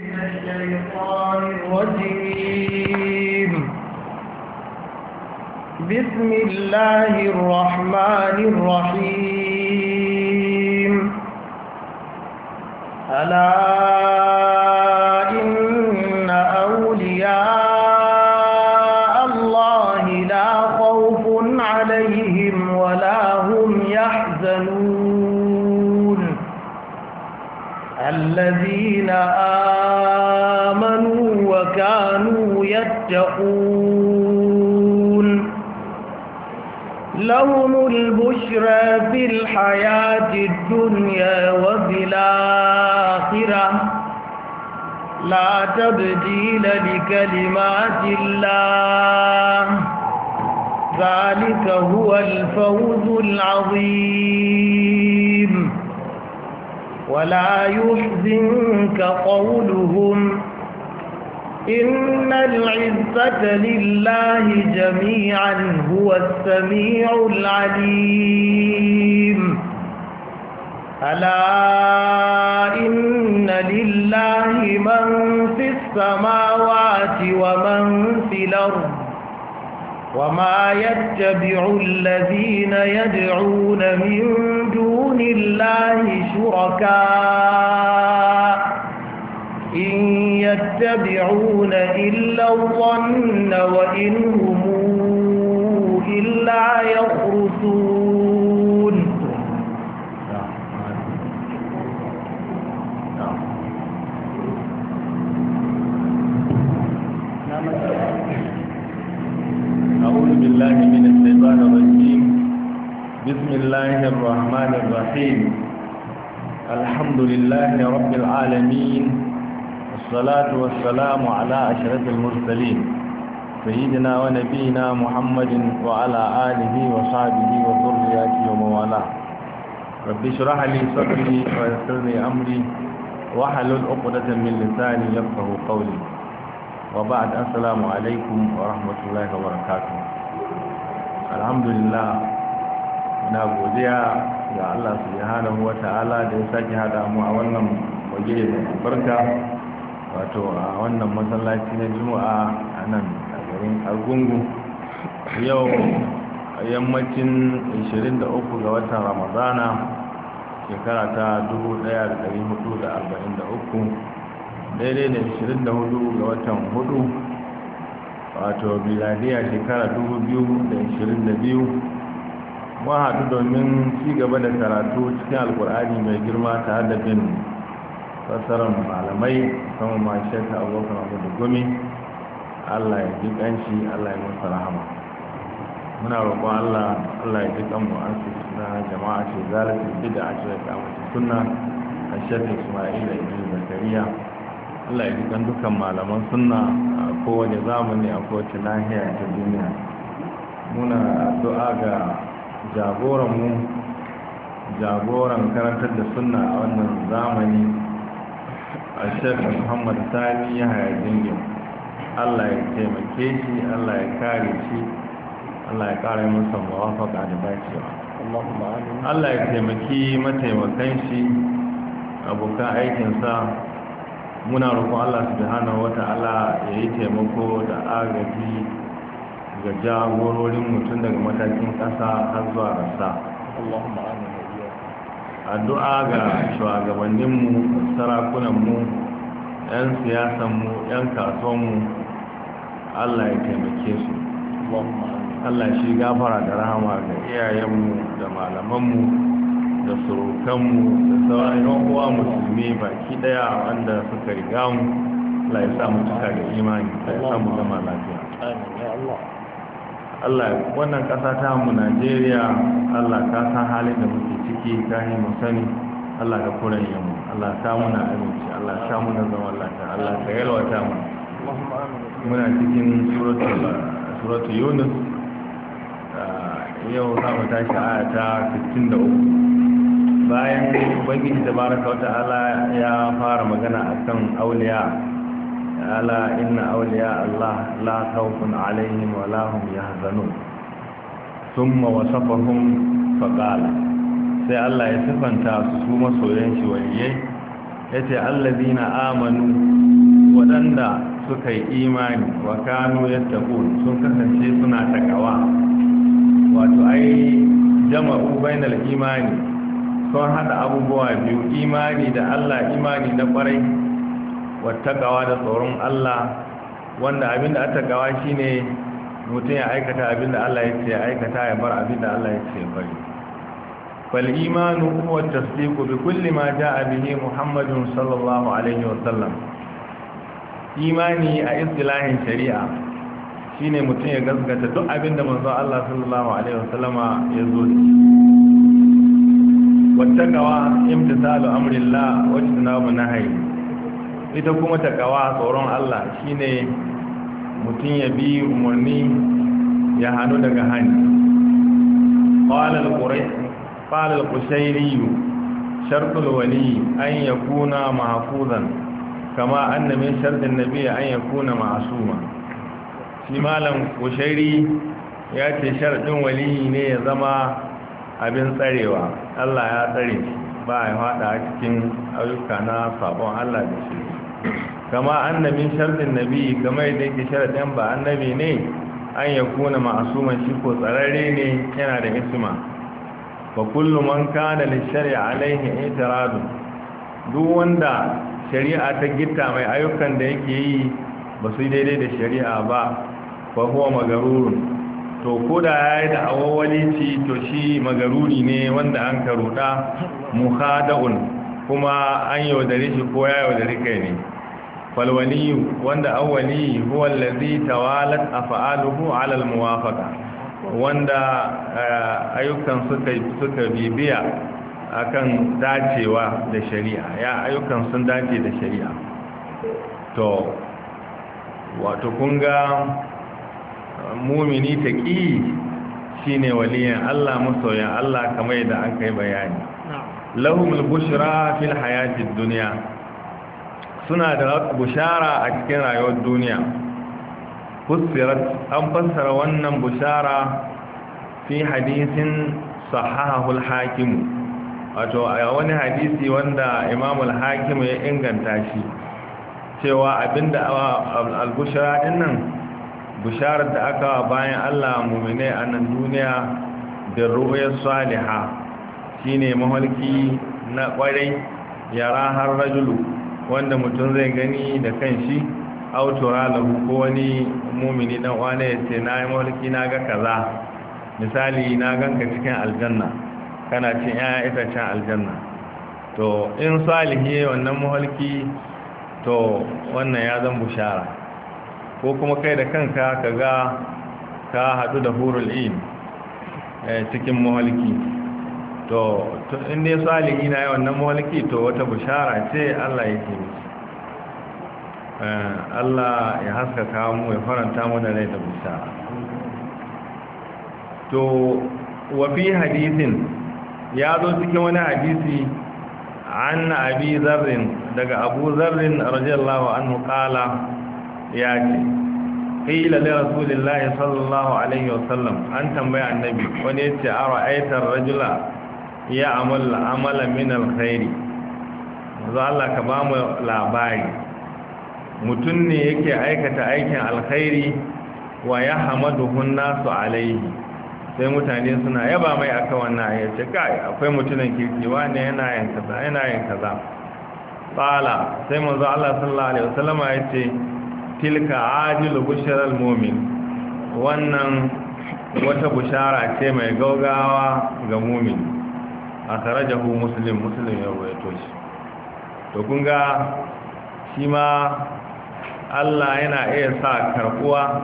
بسم الله الرحمن الرحيم ألا البشرى في الحياة الدنيا وفي الآخرة لا تبديل لكلمات الله ذلك هو الفوز العظيم ولا يحزنك قولهم إن العزة لله جميعا هو السميع العليم ألا إن لله من في السماوات ومن في الأرض وما يتبع الذين يدعون من دون الله شركاء يتبعون إلا الظن وإن هم إلا يخرصون أعوذ بالله من الشيطان الرجيم بسم الله الرحمن الرحيم الحمد لله رب العالمين والصلاة والسلام على أشرف المرسلين سيدنا ونبينا محمد وعلى آله وصحبه وذرياته وموالاه رب اشرح لي صدري ويسر لي أمري واحلل عقدة من لساني يفقه قولي وبعد السلام عليكم ورحمة الله وبركاته الحمد لله na godiya ga Allah subhanahu wa ta'ala da ya sake hada mu a wannan waje da barka wato a wannan masallaci na juma'a a nan a garin argungu yau a yammacin 23 ga watan ramadana shekara ta 1443 daidai da 24 ga watan hudu wato biladiya shekara 2022 wa haɗu domin ci gaba da karatu cikin alkur'ani mai girma tare da bin fassarar malamai kuma ma shekha abokan abu da gumi allah ya ji ƙanshi allah ya masa rahama muna roƙon allah allah ya ji kanmu an su suna jama'a ce zalatin bida a ce ta mace sunna a shekha ismaila ibn zakariya allah ya ji kan dukkan malaman sunna a kowane zamani a kowace nahiya ta duniya muna addu'a ga jagoranmu jagoran karantar da sunna a wannan zamani a muhammad sani ya haya jingin allah ya taimake shi allah ya kare shi allah ya kare musa mawafaka da bacewa allah ya taimaki mataimakan shi abokan aikinsa muna roƙon allah subhanahu wata ta'ala ya yi taimako da agaji ga jagororin mutum daga matakin ƙasa har zuwa rasa addu'a ga shugabanninmu sarakunanmu 'yan siyasanmu 'yan kasuwanmu allah ya taimake su allah shi gafara da rahama ga iyayenmu da malamanmu da surukanmu da sauran uwa musulmi baki daya wanda suka riga mu allah ya sa mu cika ga imani allah ya sa mu lafiya Allah wannan ƙasa ta mu Najeriya Allah ka san halin da muke ciki ka yi mu sani Allah ka kuranye mu Allah ka muna aminci Allah ka muna zaman lafiya Allah ka ta mu muna cikin suratul suratul Yunus ah, yau za mu tashi aya ta 63 bayan ubangiji tabaraka wa ta'ala ya fara magana akan auliya ألا إن أولياء الله لا خوف عليهم ولا هم يحزنون ثم وصفهم فقال sai Allah ya sifanta su masoyan shi waliyai ya ce allazina amanu waɗanda suka yi imani wa kanu yadda sun kasance suna takawa wato ayi jama'u bainal imani sun hada abubuwa biyu imani da Allah imani na kwarai wattakawa da tsoron Allah wanda abinda a takawa shine mutum ya aikata abinda Allah ya ce ya aikata ya bar abinda Allah ya ce bari fal imanu huwa tasdiqu bi kulli ma jaa bihi Muhammadun sallallahu alaihi wasallam imani a istilahin shari'a shine mutum ya gaskata duk abinda manzo Allah sallallahu alaihi wasallama ya zo da wattakawa imtisalu amrillah wa ijtinabu nahyi ita kuma ta takawa tsoron Allah shine mutum ya bi umarni ya hannu daga hannu ƙwalar ƙushairiyu sharkul wali an ya kuna mahafuzan kama an na min an ya kuna ma'asuma shi malam ƙushairi ya ce sharɗin wali ne ya zama abin tsarewa Allah ya tsare ba ya haɗa cikin ayyuka na sabon Allah da shi kama annabi shartin nabi kama yadda yake sharaɗin ba annabi ne an ya kuna ma'asuman shi ko tsararre ne yana da isma ba kullum man kana da shari'a alaihi itiradu duk wanda shari'a ta gitta mai ayyukan da yake yi ba su daidai da shari'a ba ba huwa magarurun to koda ya yi da ci to shi magaruri ne wanda an karuɗa muhada'un kuma an yaudare shi ko ya yaudare kai ne Falwali, wanda awwali huwa allazi tawalat af'aluhu ala almuwafaqa wanda ayyukan suka suka bibiya akan dacewa da shari'a ya ayyukan sun dace da shari'a to wato kunga, mumini taqi shine waliyan Allah masoyan Allah kamar da an kai bayani lahumul bushra fil hayatid dunya suna da bushara a cikin rayuwar duniya fusirat an fassara wannan bushara fi hadisin sahahul hakimu wato a wani hadisi wanda imamul hakimu ya inganta shi cewa abinda albushara din nan bisharar da aka bayan Allah muminai a nan duniya da ru'uyar saliha shine mahalki na kwarai yara har rajulu wanda mutum zai gani da kanshi autora lahu ko wani mumini dan wane ya ce na yi mulki na ga kaza misali na ganka cikin aljanna kana cin yaya can aljanna to in salihi ya wannan mulki to wannan ya zan bushara ko kuma kai da kanka ka ga ka haɗu da hurul'in eh, cikin mulki to in dai salihi na yawan nan mawalki to wata bishara ce Allah yake miki eh, Allah ya haskaka mu ya faranta mu da rai da bishara to wa fi hadisin ya zo cikin wani hadisi an abi zarrin daga abu zarrin radiyallahu anhu qala ya ce qila li rasulillahi sallallahu alaihi wasallam an tambaya annabi wani yace ara aitar rajula ya amal amala min alkhairi yanzu Allah ka ba mu labari mutum ne yake aikata aikin alkhairi wa ya hamaduhun nasu alaihi sai mutane suna yaba mai aka wannan ya ce kai akwai mutumin kirki wani yana yin kaza yana yin kaza tsala sai manzo Allah sallallahu alaihi wasallam ya ce tilka ajilu bushral mu'min wannan wata bushara ce mai gaugawa ga mu'min a tarajahu muslim muslim ya waito shi to kunga shi ma Allah yana iya sa karkuwa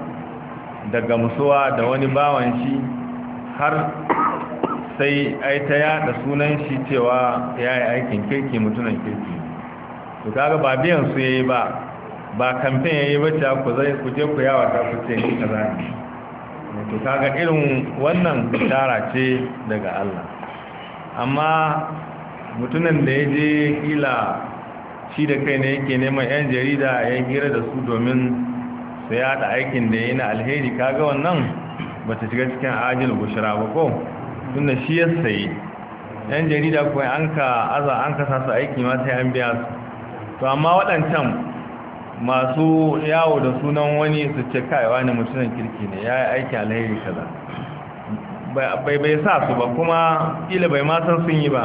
daga musuwa da wani bawan shi har sai ai ta da sunan shi cewa ya yi aikin kirki mutunan kirki to kaga ba biyan su yayi ba ba kamfen yayi ba ta ku zai ku je ku yawa ta ku ce ni kaza ne to kaga irin wannan bishara ce daga Allah amma mutumin da ya je kila shi da kai ne yake neman 'yan jarida ya hira da su domin su da aikin da ya na alheri kaga wannan ba ta shiga cikin ajin gushira ba ko da shi ya sayi 'yan jarida kuwa an ka aza an kasa su aiki ma sai an biya su to amma waɗancan masu yawo da sunan wani su ce kaiwa ne mutunan kirki ne ya yi aiki alheri kaza bai bai sa su ba kuma kila bai ma san sun yi ba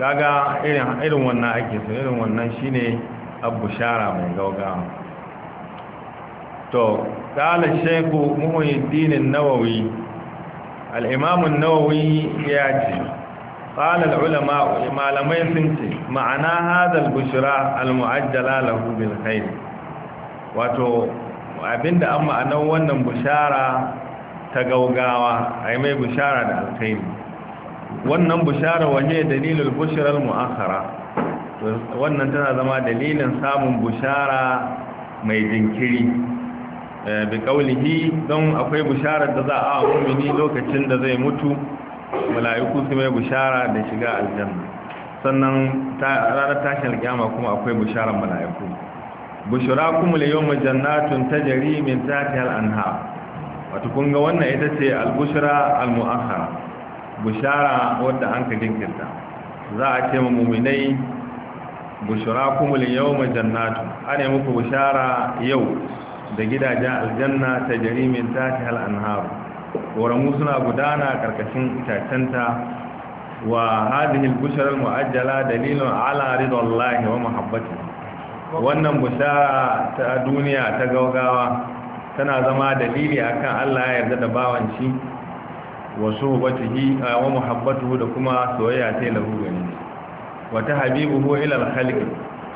gaga irin irin wannan ake so irin wannan shine abushara mai gaugawa to qala Sheku muhyiddin an-nawawi al-imam an-nawawi ya ce qala ulama malamai sun ce ma'ana hadal al-bushra al-mu'ajjala lahu bil khair wato abinda amma anan wannan bushara ta gaugawa a mai bushara da alkhairi wannan bushara waje dalilin bushirar mu'akara wannan tana zama dalilin samun bushara mai jinkiri eh, bi kaulihi don akwai bushara da za a mumini lokacin da zai mutu mala'iku su mai bushara da shiga aljanna sannan ranar tashin alkiyama kuma akwai busharar mala'iku bushara kuma layon majannatun ta jari tafiyar anha wato kun wannan ita ce al-bushra bushara wadda an ka jinkirta za a ce mu'minai bushra kumul yawma jannatu ana muku bushara yau da gidajen aljanna ta jarimin tashi al'anharu ƙoramu suna gudana ƙarƙashin itacenta wa hadihil busharar mu'ajjala dalilin ala ridallahi wa muhabbati wannan bushara ta duniya ta gaugawa tana zama dalili akan Allah ya yarda da bawan shi wa a wa muhabbatu da kuma soyayya ta lahu gani wa tahbibuhu ila al-khalq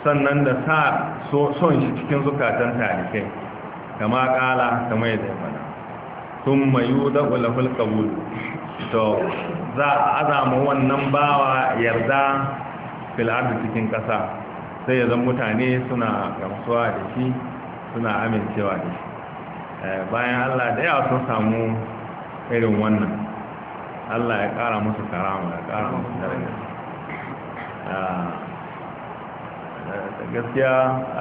sannan da sa son shi cikin zukatan talikai kama kala kama yadda ya fada thumma yudau lahu al-qabul to za a azama wannan bawa yarda fil ardi cikin kasa sai ya zan mutane suna gamsuwa da shi suna amincewa da shi Eh, bayan Allah da ya sun samu irin wannan Allah ya kara musu karama ya kara musu daraja eh, gaskiya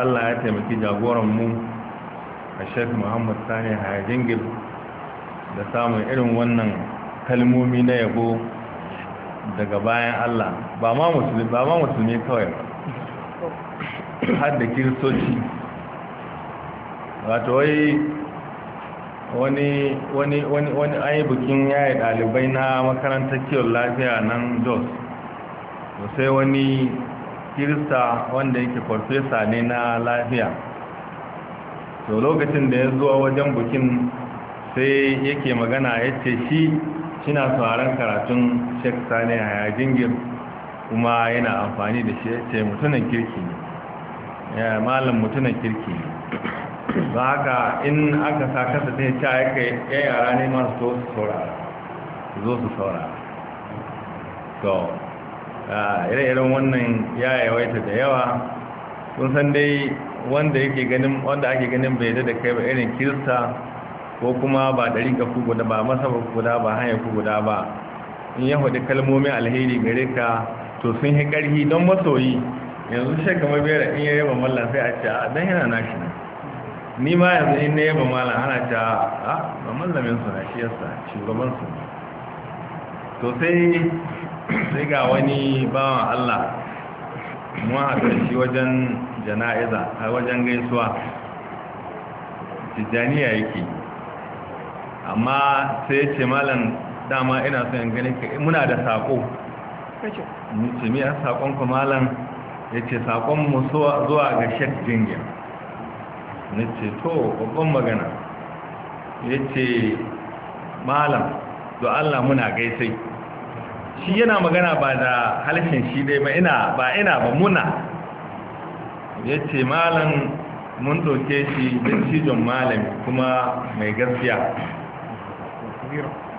Allah ya taimaki jagoranmu a shek Muhammad Sani Hayajingil da samun irin wannan kalmomi na yabo daga bayan Allah ba ma musulmi kawai ba har da kiristoci wato wai wani wani wani wani ayi bikin yayi dalibai na makarantar kiyon lafiya nan jos sai wani kirista wanda yake farfesa ne na lafiya to lokacin da ya zuwa wajen bukin sai yake magana ya ce shi shina tsoron karatun shek sani a yajingir kuma yana amfani da shi ya ce mutunan kirki ne malam mutunan kirki ne ba haka in aka sa kasa ta yi ta ya yara ne masu su saurara zo su saurara to ire-iren wannan ya yawaita da yawa sun san dai wanda yake ganin wanda ake ganin bai da kai ba irin kirista ko kuma ba ɗari ka ku guda ba masa ku guda ba hanyar ku guda ba in ya hudu kalmomin alheri gare ka to sun yi ƙarfi don masoyi yanzu shekama biyar in ya yaba mallan sai a ce a dan yana nashi na ni ma yanzu in na yaba malam ana ta a ah, ba mallamin su na shi shugaban su to sai sai ga wani bawan Allah mu haɗa shi wajen jana'iza a wajen gaisuwa tijjaniya yake amma sai ce malam dama ina son gani ka muna da saƙo ce mi a saƙon ku malam ya ce saƙon mu zuwa ga shek jingin na ce to babban magana ya ce malam da Allah muna gaisai shi yana magana ba da halishin shi dai ba ina ba ina ba muna ya ce malam mun ɗauke shi don malami kuma mai gaskiya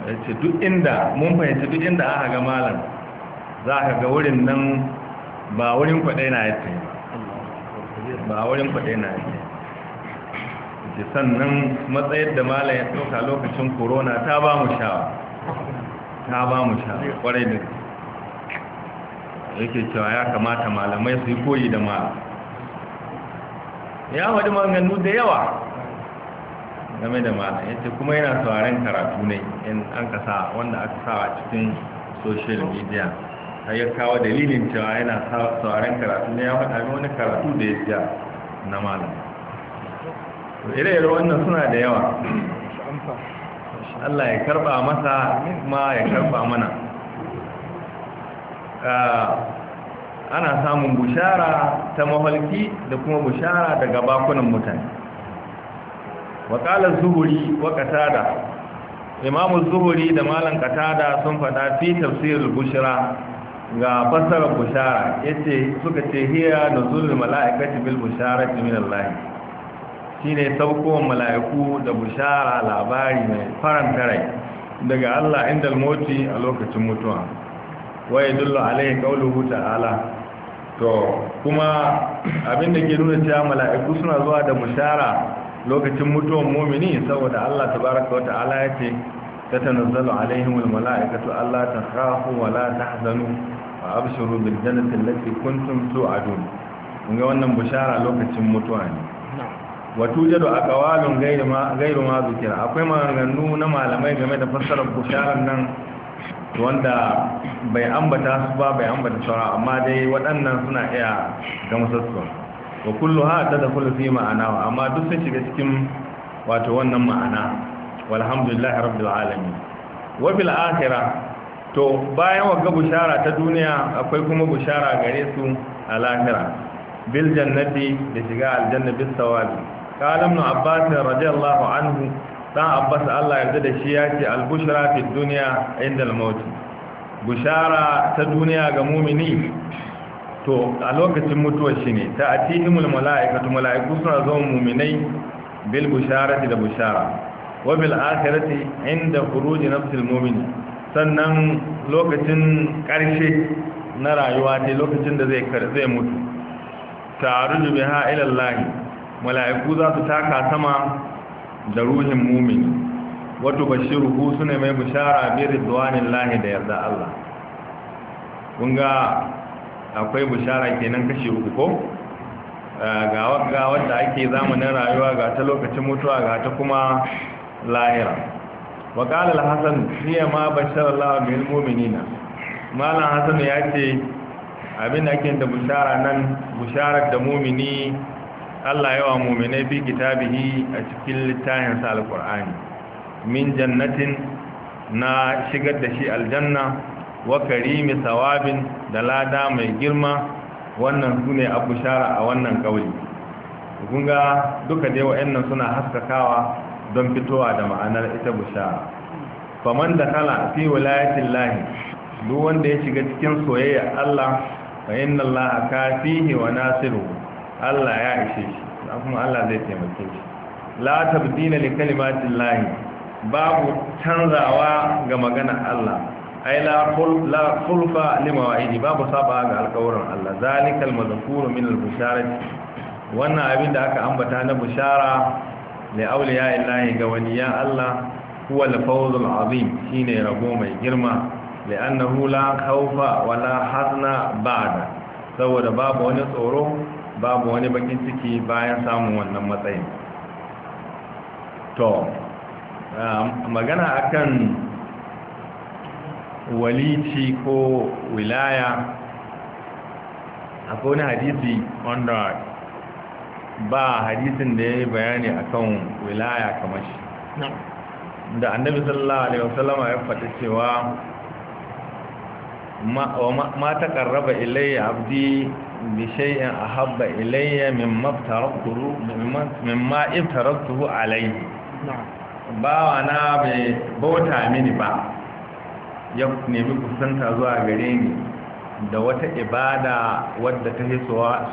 ya ce duk inda mun fahimci duk inda aka ga malam za ka ga wurin nan ba wurin kwaɗe na ya ce ba wurin kwaɗe na ya ce da sannan matsayar da mala ya ɗauka lokacin corona ta ba mu shawa ta ba mu shawa kwarai da yake cewa ya kamata malamai su yi koyi da mala ya wadi maganganu da yawa game da mala ya ce kuma yana sauraren karatu ne in an kasa wanda aka sawa cikin social media a ya kawo dalilin cewa yana sauraren karatu ne ya faɗa wani karatu da ya na malamai ire-ire wannan suna da yawa Allah ya karba masa kuma ya karba mana ana samun bushara ta mahalki da kuma bushara daga bakunan mutane wakalar zuhuri wa katada imamu zuhuri da malan katada sun fada fi tafsirul bushara ga fasarar bushara yace suka ce hiya nuzulul mala'ikati bil bushara min shine saukowar mala'iku da bushara labari mai faranta rai daga Allah inda almoti a lokacin mutuwa waye dullo alaihi qauluhu ta'ala to kuma abin da ke nuna cewa mala'iku suna zuwa da bushara lokacin mutuwar mumini saboda Allah tabaraka wa ta'ala yace tatanazzalu alaihimul mala'ikatu alla takhafu wa la tahzanu wa abshiru bil jannati allati kuntum tu'adun kun ga wannan bushara lokacin mutuwa ne wato jado a kawalin gairu ma zukira akwai maganganu na malamai game da fassarar bisharar nan wanda bai ambata su ba bai ambata shara amma dai waɗannan suna iya gamsassu wa kullu ha ta kullu fi ma'ana amma duk sun shiga cikin wato wannan ma'ana walhamdulillah rabbil alamin wa bil akhirah to bayan wagga Bushara ta duniya akwai kuma Bushara gare su a lahira bil jannati da shiga aljanna bis sawabi قال ابن عباس رضي الله عنه dan abbas Allah yarda da shi ya ce albushra fi dunya inda al-maut bushara ta duniya ga mumini to a lokacin mutuwar shi ne ta atihimul mala'ikatu mala'iku suna zama muminai bil bushara da bushara wa bil akhirati inda khuruji nafsil mu'min sannan lokacin karshe na rayuwa ne lokacin da zai zai mutu ta'aruju biha ila Allah mala'iku za su taka sama da ruhin mumini wato Bashiru su sune mai bishara bi ridwanin lahi da yarda Allah kun ga akwai bishara kenan kashi uku ko eh, ga wadda ake zamanin rayuwa ga ta lokacin mutuwa ga ta kuma lahira wa qala al-hasan hiya ma bashara Allah bil mu'minina malam hasan ya ce abin da ake da bishara nan bisharar da mumini Allah yawa muminai fi kitabihi a cikin littafin Alƙur'ani. min jannatin na shigar da shi aljanna wa karimi sawabin da lada mai girma wannan sune abu shara a wannan kauli kun ga duka dai wa'annan suna haskakawa don fitowa da ma'anar ita bushara faman da kala fi wilayatin lahi duk wanda ya shiga cikin soyayya Allah fa inna Allah kafihi wa nasiruhu Allah ya ishe shi kuma Allah zai taimake shi la tabdila li kalimatin lahi babu canzawa ga magana Allah ai la khulfa li mawa'idi babu saba ga alƙawarin Allah zalikal madhkuru min al-bisharati wannan abin da aka ambata na bishara li awliya illahi ga waliyan Allah huwa al-fawz al-azim shine rago mai girma li'annahu la khawfa wala hazna ba'da saboda babu wani tsoro babu wani bakin ciki bayan samun wannan matsayin to um, magana akan walici ko wilaya akwai wani hadisi wanda ba hadisin da ya yi bayani akan wilaya kamar shi da annabi sallallahu alaihi wasallama ya faɗi cewa ma ta ƙarraba ilayya abdi بشيء أحب إلي مما افترضته مما افترضته عليه bawa na bai bauta مني با يبني nemi kusanta zuwa gare ni da wata ibada wadda ta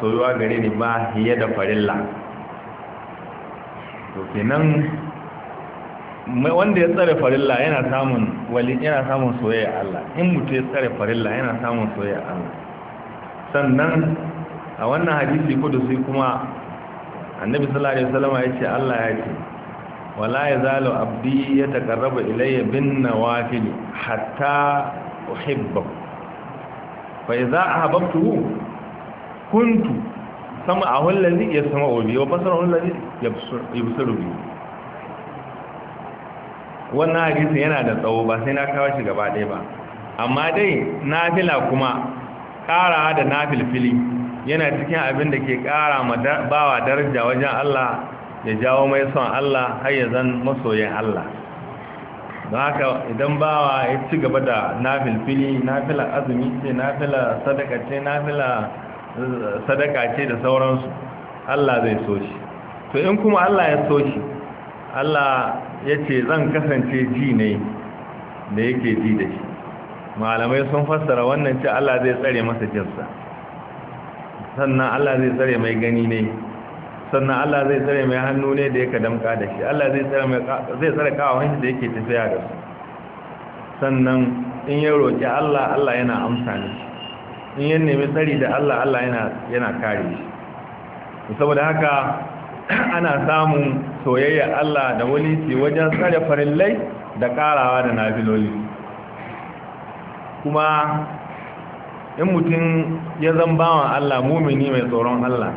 soyuwa gare ni ba fiye wanda ya tsare farilla yana samun wali yana samun soyayya Allah in mutu ya tsare farilla yana samun soyayya Allah sannan a wannan hadisi sai kuma annabi sallallahu alaihi wasallam ya ce Allah ya ce wala yazalu abdi yataqarrabu ilayya bin nawafil hatta uhibbu fa idza ahabbtuhu kuntu sam'ahu alladhi yasma'u bi wa basarahu alladhi yabsiru bi wannan hadisi yana da tsawo ba sai na kawo shi gaba ɗaya ba amma dai nafila kuma ƙara da nafilfili yana cikin abin da ke ƙara bawa daraja wajen Allah ya jawo mai son Allah har ya zan masoyin Allah don haka idan bawa ya ci gaba da nafilfili nafila azumi ce nafila sadaka ce nafila eh, sadaka ce da sauransu Allah zai so shi to in kuma Allah ya so shi Allah ya ce zan kasance ji ne da yake ji da shi malamai sun fassara wannan ce Allah zai tsare masa jinsa sannan Allah zai tsare mai gani ne sannan Allah zai tsare mai hannu ne da yake damka da shi Allah zai tsare mai zai tsare da yake tafiya da su sannan in ya roki Allah Allah yana amsa ne in ya nemi tsari da Allah Allah yana yana kare shi saboda haka ana samun soyayya Allah da wani ce wajen tsare farillai da karawa da nafiloli kuma in mutum ya zan wa Allah mumini mai tsoron Allah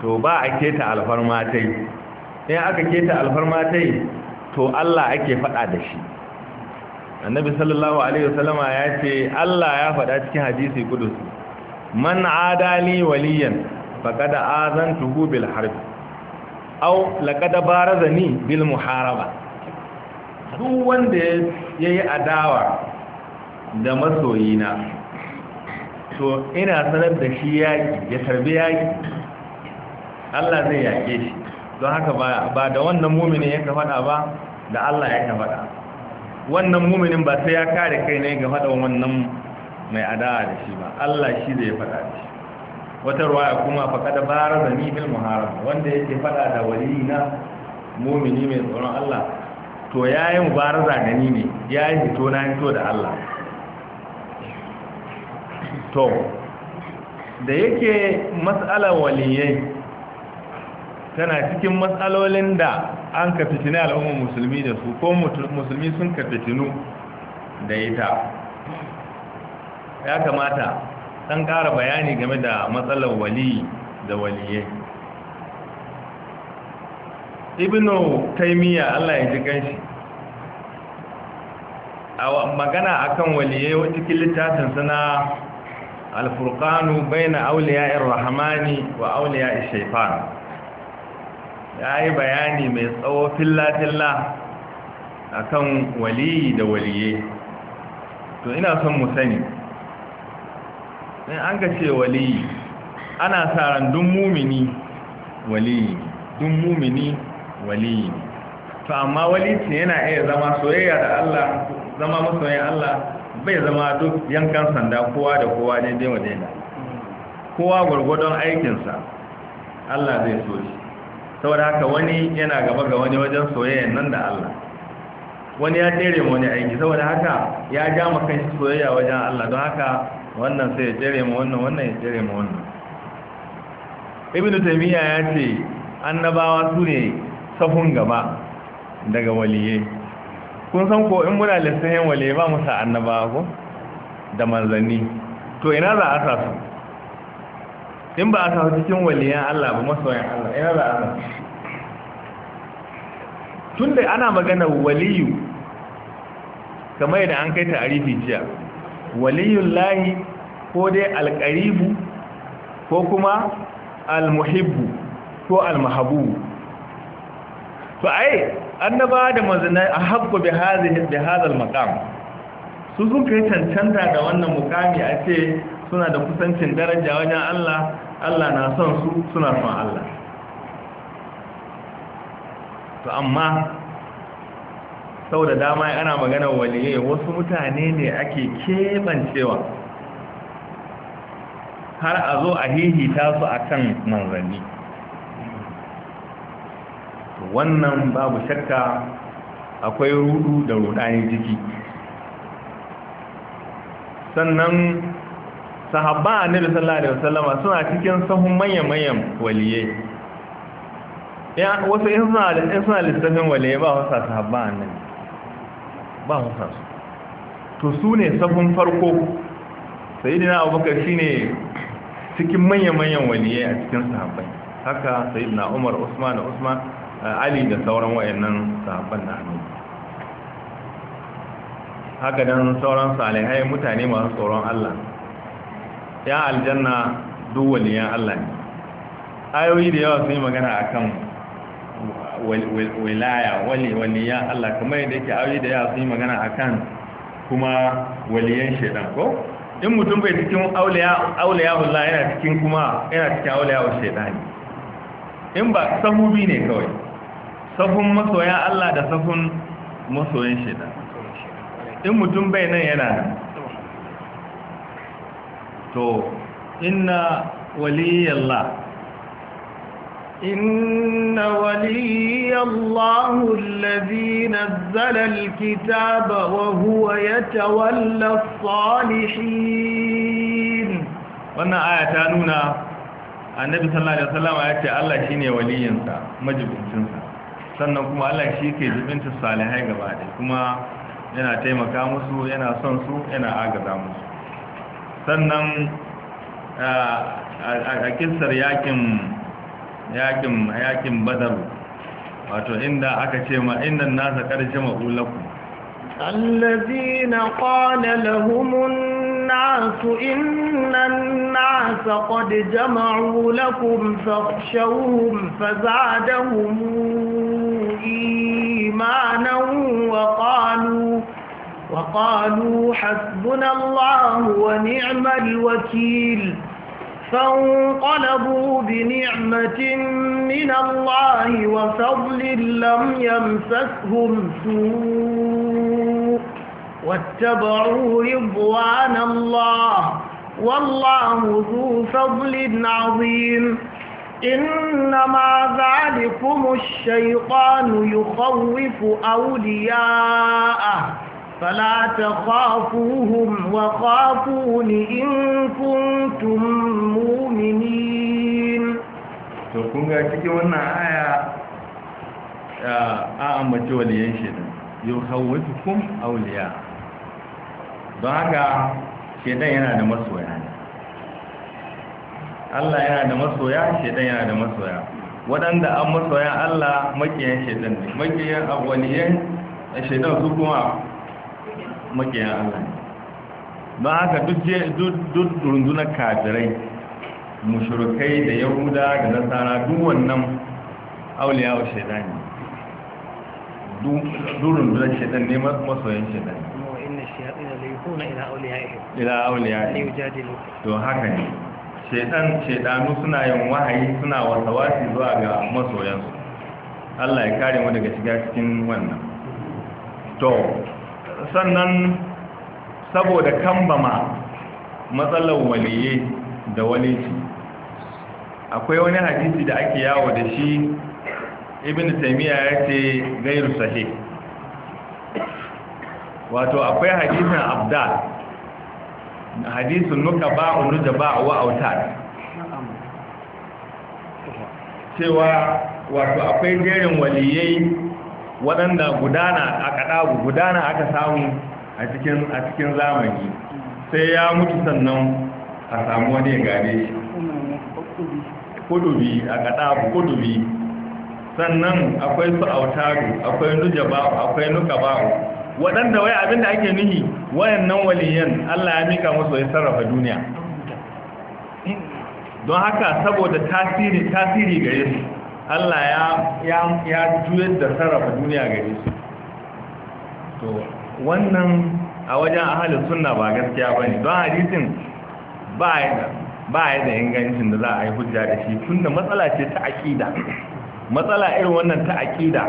to ba a keta alfarma ta yi in aka keta alfarma ta yi to Allah ake faɗa da shi annabi sallallahu alaihi wasallama ya ce Allah ya faɗa cikin hadisi kudus man adali waliyan faqad azantuhu bil harb aw laqad barazani bil muharaba duk wanda yayi adawa da masoyina to ina sanar da shi yaƙi ya tarbi yaƙi Allah zai yaƙe shi don haka ba da wannan muminin ya faɗa ba da Allah ya faɗa wannan muminin ba sai ya kare kai ne ga faɗa wannan mai adawa da shi ba Allah shi zai faɗa da shi wata ya kuma faƙa da bara da nihil haram, wanda yake faɗa da na mumini mai tsoron Allah to ya yi mubaraza da ni ne ya yi hito na hito da Allah to da yake matsalar waliyai tana cikin matsalolin da an ka fitini al'ummar musulmi da su ko musulmi sun ka fitinu da ita ya kamata ɗan ƙara bayani game da matsalar wali da waliyai ibnu taimiyya allah ya ji kanshi a magana akan waliyai cikin littafin sana alfurkanu bai na auliya rahmani wa auliya shaifan ya yi bayani mai tsawo filla-filla a kan waliyi da waliye to ina son mu sani in an ga ce waliyi ana sa ran dun mumini waliyi dun mumini waliyi to amma walicin yana iya zama soyayya da Allah zama masoyin Allah bai zama duk yankan sanda kowa da kowa daidai wa daida kowa gwargwadon aikinsa Allah zai so shi saboda haka wani yana gaba ga wani wajen soyayya nan da Allah wani ya tere mu wani aiki saboda haka ya ja kan shi soyayya wajen Allah don haka wannan sai ya tere mu wannan wannan ya tere mu wannan ibnu taymiya ya ce annabawa su ne safun gaba daga waliye. kun san ko in muna lissahin waliye ba musa annaba ko da manzanni to ina za a sa su in ba a sa cikin waliyan Allah ba masoyan Allah ina za a sa tun da ana magana waliyu kamar yadda an kai ta'arifi jiya waliyun lahi ko dai alƙaribu ko kuma almuhibbu ko almahabu to ai annaba da manzanni a haqqu bi hadhihi bi su sun kai tantanta da wannan mukami a ce suna da kusancin daraja wajen Allah Allah na son su suna son Allah to amma sau da dama ana magana waliye wasu mutane ne ake kebancewa har a zo a hihita su a kan manzanni wannan babu shakka akwai rudu da rudani jiki sannan sahabba annabi sallallahu alaihi wasallama suna cikin sahun manyan-manyan waliye. ya wasu in suna lissafin waliye ba wasa sahabba annabi ba wasa su to su ne sahun farko sayidina abubakar shine cikin manyan-manyan waliye a cikin sahabbai haka sayidina umar usman usman ali da sauran wayannan sahabban da annabi haka dan sauran salihai mutane masu tsoron Allah ya aljanna duk waliyan Allah ne ayoyi da yawa sun yi magana akan wilaya wali waliyan Allah kuma yadda yake ayoyi da yawa sun yi magana akan kuma waliyan shaidan ko in mutum bai cikin auliya la yana cikin kuma yana cikin wa shaidani in ba sahubi ne kawai safun masoyan Allah da safin masoyan shaitan in mutum bai nan yana nan to inna waliyallah إن ولي الله الذي نزل الكتاب وهو يتولى الصالحين wannan aya ta nuna annabi sallallahu alaihi wasallam ya ce Allah shine waliyinsa majibincinsa sannan kuma Allah shi ke jibinta salihai gaba da kuma yana taimaka musu yana son su yana agaza musu sannan a kisar yakin yakin yakin badaru wato inda aka ce ma inda nasa karshe ma'ulaku allazina qala lahumun الناس إن الناس قد جمعوا لكم فاخشوهم فزادهم إيمانا وقالوا وقالوا حسبنا الله ونعم الوكيل فانقلبوا بنعمة من الله وفضل لم يمسسهم سوء واتبعوا رضوان الله والله ذو فضل عظيم إنما ذلكم الشيطان يخوف أولياءه فلا تخافوهم وخافون إن كنتم مؤمنين تقول لك وانا آية آية أمتي وليين يخوفكم أولياءه don haka shaidan yana da masoya Allah yana da masoya shaidan yana da masoya waɗanda an masoya Allah makiyan shaidan ne makiyan a shaidan su kuma makiyan Allah ne. don haka duk rundunar kajirai mushurukai da yahuda da nasara duk wannan auliyawa wa ne duk rundunar shaidan ne masoyan shaidan ne yusiruna ila awliyaihim ila awliyaihim to haka ne shedan shedanu suna yin wahayi suna wasawasi zuwa ga masoyansu Allah ya kare mu daga shiga cikin wannan to sannan saboda kambama matsalar waliye da walici akwai wani hadisi da ake yawo da shi ibn taymiya yace gairu sahih wato akwai hadisin abdal hadisin nuka ba'u nuja ba'u wa autar cewa wato akwai jerin waliyai waɗanda gudana a kaɗabu gudana aka samu a cikin zamani sai ya mutu sannan a samu wani ya gane kudubi a kaɗabu kudubi sannan akwai su autaru akwai nujaba'u akwai nuka nukaba'u waɗanda wai abinda ake nihi wayan nan waliyan Allah ya mika musu ya sarrafa duniya don haka saboda tasiri tasiri gare su Allah ya ya ya juyar da sarrafa duniya gare su to wannan a wajen ahalin sunna ba gaskiya bane don hadisin ba ba ya da ingancin da za a yi hujja da shi tunda matsala ce ta aƙida matsala irin wannan ta aƙida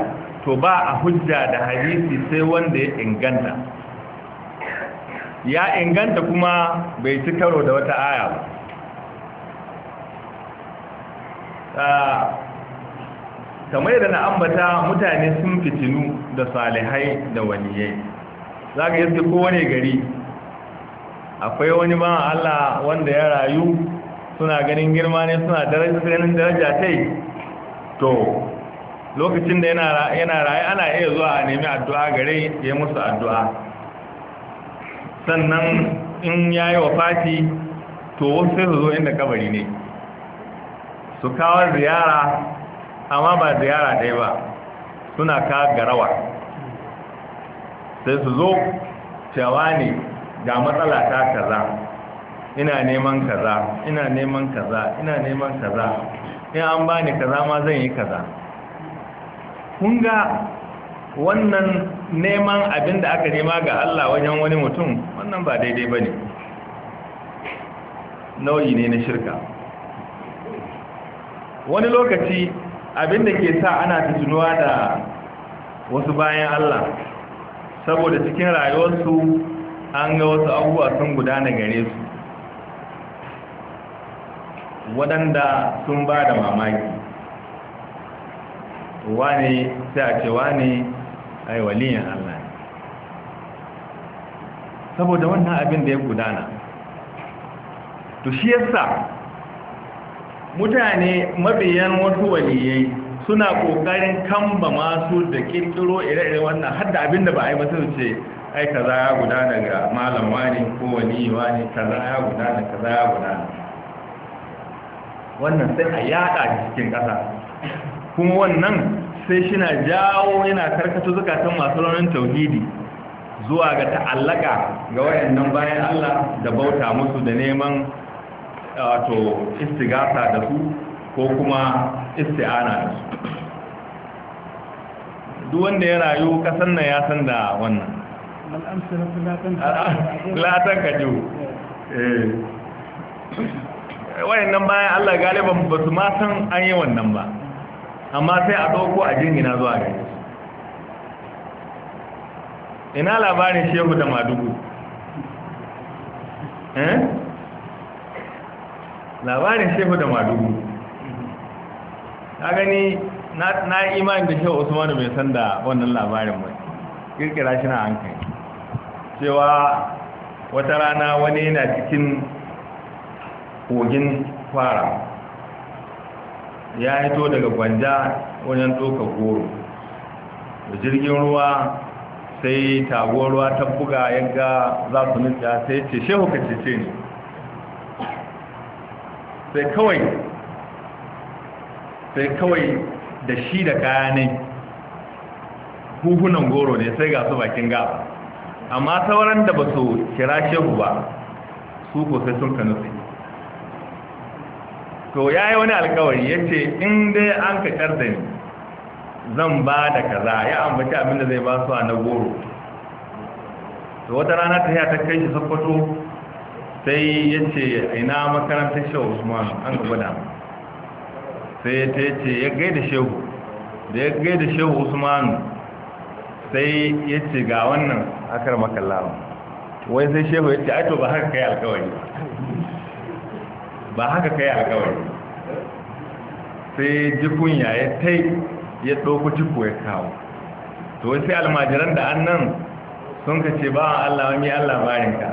to ba a hujja da hadisi sai wanda ya inganta ya inganta kuma bai ci karo da wata aya ba ah, kamar yadda na ambata mutane sun fitinu da salihai da waliyai za ka yadda kowane gari akwai wani ba Allah wanda ya rayu suna ganin girma ne suna ganin daraja tai to lokacin da yana raye ana iya zuwa a nemi addu'a gare ya musu addu'a sannan in ya yi wa fati to wasu sai su zo inda kabari ne su kawo ziyara amma ba ziyara ɗaya ba suna ka garawa sai su zo cewa ne ga matsala ta kaza ina neman kaza ina neman kaza ina neman kaza in an bani kaza ma zan yi kaza kun ga wannan neman abin da aka nema ga Allah wajen wani mutum wannan ba daidai ba ne nau'i ne na shirka wani lokaci abin da ke sa ana fitinuwa da wasu bayan Allah saboda cikin rayuwarsu an ga wasu abubuwa sun gudana gare su waɗanda sun ba da mamaki wani sai a ce wani ai waliyin Allah saboda wannan abin da ya gudana to shi yasa mutane mabiyan wasu waliyai suna kokarin kamba masu da kirkiro ire-ire wannan har da abin da ba a yi ba su ce ai kaza ya gudana ga malam wani ko wani wani kaza ya gudana kaza ya gudana wannan sai a yada cikin kasa kuma wannan sai shi na jawo yana karkata zukatan masu launin tauhidi zuwa ga ta'allaka ga wayannan bayan Allah da bauta musu da neman wato istigasa da su ko kuma isti'ana da su duk wanda ya rayu kasan nan ya san da wannan latan kaju eh. wayannan bayan Allah galiban ba su ma san an yi wannan ba amma sai a ɗauko a jingina zuwa ne ina labarin shehu da madugu eh? labarin shehu da madugu ta gani na imanin da shehu usmanu bai san da wannan labarin mai. kirkira shi na hankali cewa wata rana wani yana cikin kogin fara ya hito daga gwanja wajen ɗaukar goro da jirgin ruwa sai taguwar ruwa ta buga yadda za su nutsa sai ce shehu ka cece ne sai kawai sai kawai da shi da kaya ne huhunan goro ne sai ga su bakin gaba amma sauran da ba su kira shehu ba su ko sai sun ka nufi to ya yi wani alkawari ya ce in dai an kacar da ni zan ba da kaza ya ambaci abin da zai ba su a na goro to wata rana ta ta kai shi sakwato sai ya ce ina makarantar shehu usman an gaba da sai ta ce ya gaida shehu da ya gaida shehu usman sai ya ce ga wannan akar makallawa wai sai shehu ya ce aito ba haka kai alkawari ba ba haka kai alkawari sai jikun ya yi, ya ɗauko jiku ya kawo to sai almajiran da annan sun ka ce ba Allah wani Allah barinka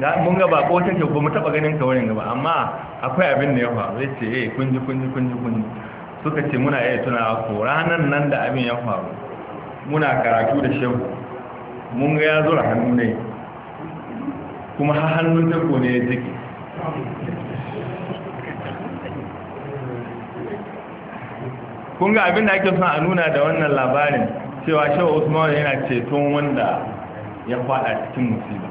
da mun ga ba ko take ba mu taba ganin ka wani gaba amma akwai abin da ya faru ya ce ya eh, kunji kunji kunji kunji suka ce muna iya tunawa ko Ranar nan da abin ya faru muna karatu da shehu mun ga ya zura hannu ne kuma har hannun tako ne ya jike kun ga abin da ake son a nuna da wannan labarin cewa shawa usman yana ceton wanda ya fada cikin musiba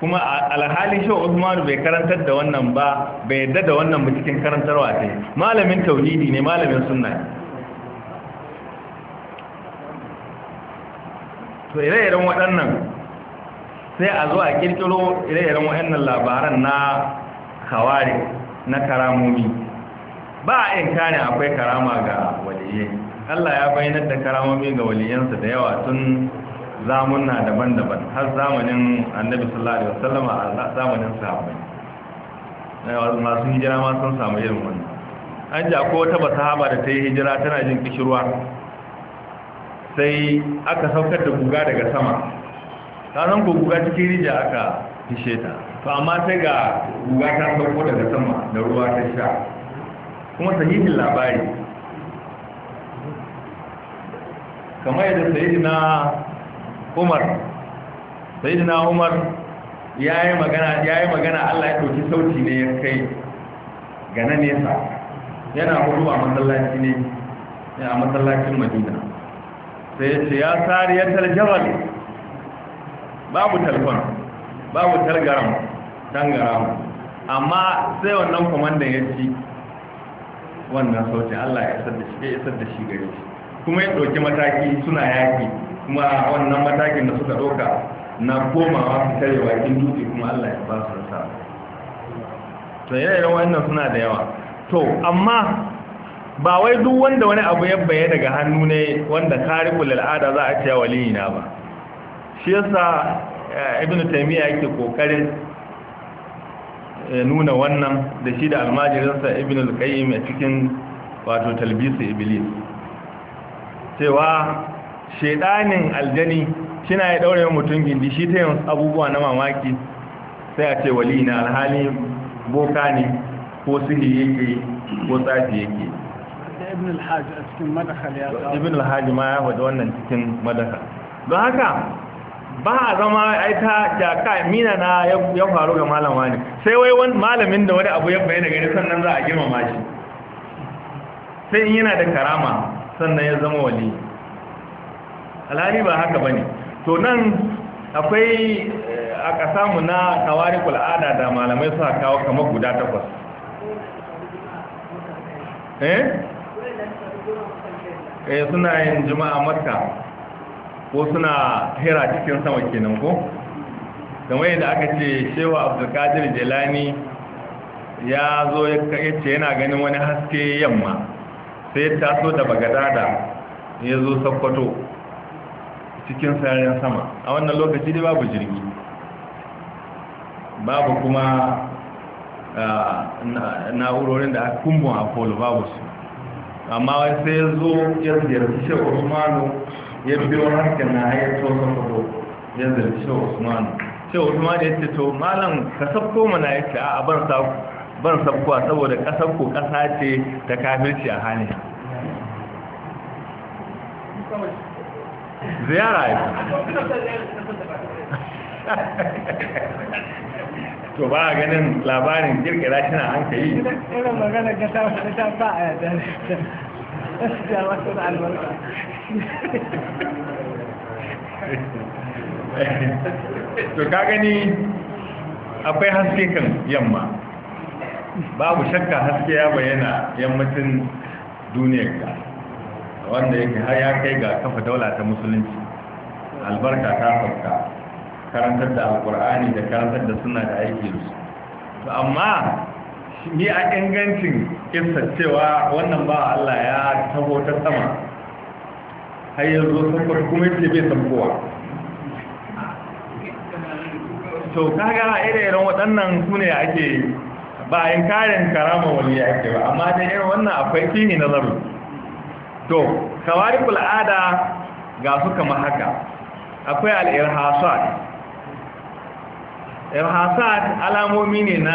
kuma alhali shawa usman bai karantar da wannan ba bai yadda da wannan ba cikin karantarwa ta malamin tauhidi ne malamin sunna ne to ire-iren waɗannan sai a zo a kirkiro ire-iren wa'annan labaran na kawari na karamomi ba a yin kane akwai karama ga waliye Allah ya bayyana da karamomi ga waliyansa da yawa tun zamunna daban-daban har zamanin annabi sallallahu alaihi wasallama a zamanin sahabbai masu hijira ma sun samu irin wannan an ja ko wata sahaba da ta yi hijira tana jin kishirwa sai aka saukar da guga daga sama karan ko guga cikin rija aka fishe ta to amma sai ga guga ta sauko daga sama da ruwa ta sha kuma sahihin labari kamar yadda sayidina umar sayidina umar ya yi magana allah ya ɗauki sauti ne ya kai ga na nesa yana hudu a masallaci ne a masallacin madina sai ya ce ya tsari ya taljabal babu telefon babu telegram tangaram amma sai wannan komandan ya ci wannan sautin allah ya isar da shi ya isar da shi gare shi kuma ya ɗauki mataki suna yaƙi kuma wannan matakin da suka ɗauka na komawa su tare bakin dutse kuma allah ya ba su rasa to yayin wannan suna da yawa to amma ba wai duk wanda wani abu ya baye daga hannu ne wanda karibul al'ada za a ce waliyina ba shi yasa eh, ibn taymiya yake kokarin eh, nuna wannan da shi da almajirinsa ibn al-qayyim a cikin wato Talbisa iblis cewa shedanin aljani shina ya daure mutum gindi shi ta yin abubuwa na mamaki sai a ce wali na alhali boka ne ko sihi yake ko tsafi yake ibn al-hajj ma ya wada wannan cikin madaka. don haka ba a zama aita jaka mina na ya faru ga malam wani sai wai wani malamin da wani abu ya bayyana gari sannan za a girmama shi sai in yana da karama sannan ya zama wali alhali ba haka bane to nan akwai eh, a ƙasa mu na kawari kul'ada da malamai su kawo kamar guda takwas eh eh suna yin jima'a makka ko suna hira cikin sama kenan ko kamar yadda aka ce shewa abdulkadir jelani ya zo ya ce yana ganin wani haske yamma sai taso da bagadada ya zo sakkwato cikin sararin sama a wannan lokaci dai babu jirgi babu kuma ah, na'urorin da aka a apollo babu su amma sai ya zo ya ziyarci shewa usmanu ya biyo harkar na ya to ko ya zarce Usman sai Usman ya ce to malam ka sabko mana ce a bar sa bar saboda kasar ku kasa ce ta kafirci a hali ziyara ya to ba ganin labarin kirkira shi na hankali irin magana ga ta ta ta ta ta ta ta to ka gani akwai haske kan yamma babu shakka haske ya bayyana yammacin duniyar ka wanda yake har ya kai ga kafa daula ta musulunci albarka ta sauka karantar da alkur'ani da karantar da suna da aiki su amma ni a ingancin kisa cewa wannan ba Allah ya taho ta sama har yanzu sun kwata kuma yake bai san kowa to kaga ire-iren waɗannan su ne ake ba in karin karama wani ya ake ba amma dai irin wannan akwai fihi nazaru to kawarikul ada ga su kama haka akwai al'irhasad irhasad alamomi ne na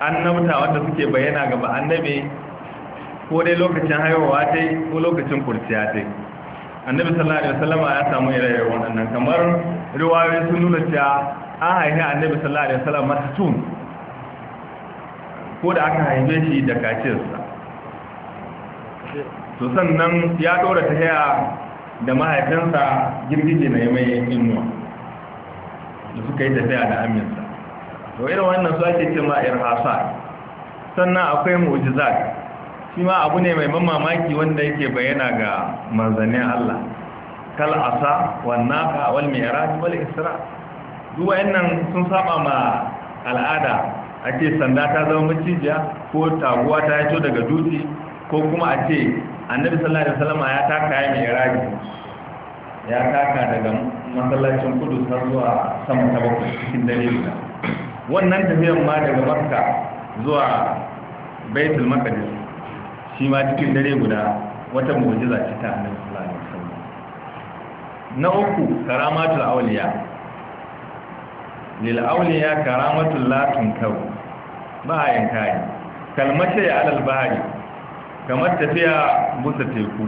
annabta wanda suke bayyana gaba annabi ko dai lokacin haihuwa ta yi, ko lokacin kurciya ta annabi sallallahu alaihi wasallama ya samu irayen wannan kamar riwayoyi sun nuna cewa an haihi annabi sallallahu alaihi wasallam matatun ko da aka haife shi da kacinsa to sannan ya dora ta haya da mahaifinsa girgije na mai inuwa da suka yi tafiya da aminsa to irin wannan su ake cewa irhasa sannan akwai mu'jizat shi ma abu ne mai mamaki wanda yake bayyana ga manzannin Allah kal asa wan naqa wal mi'raj wal isra duk wayannan sun saba ma al'ada a sanda ta zama macijiya ko taguwa ta yato daga dutse ko kuma a ce annabi sallallahu alaihi wasallam ya taka ya mi'raj ya taka daga masallacin kudu har zuwa sama ta bakwai cikin dare wannan tafiyar ma daga makka zuwa baitul maqdis shi ma cikin dare guda wata mu'jiza ce ta annabi sallallahu alaihi wasallam na uku karamatul awliya lil awliya karamatul la tunkaw ba yan kai kalmace ya alal bahari kamar tafiya busa teku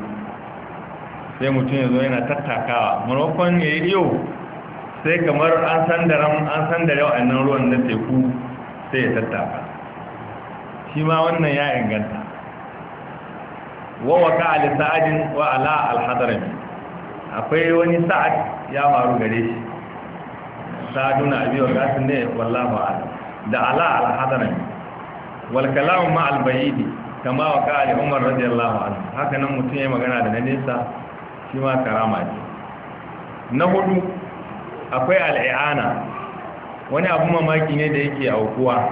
sai mutum ya zo yana tattakawa maimakon ya yi iyo sai kamar an san da wa'annan ruwan na teku sai ya tattaka shi ma wannan ya inganta wa waka ali sa'adin wa ala al akwai wani sa'ad ya faru gare shi sa'aduna abi wa ne wallahu da ala al-hadrami ma al kama wa ka ali umar radiyallahu anhu haka nan mutum ya magana da na nesa shi ma karama ce na hudu akwai al-i'ana wani abu mamaki ne da yake aukuwa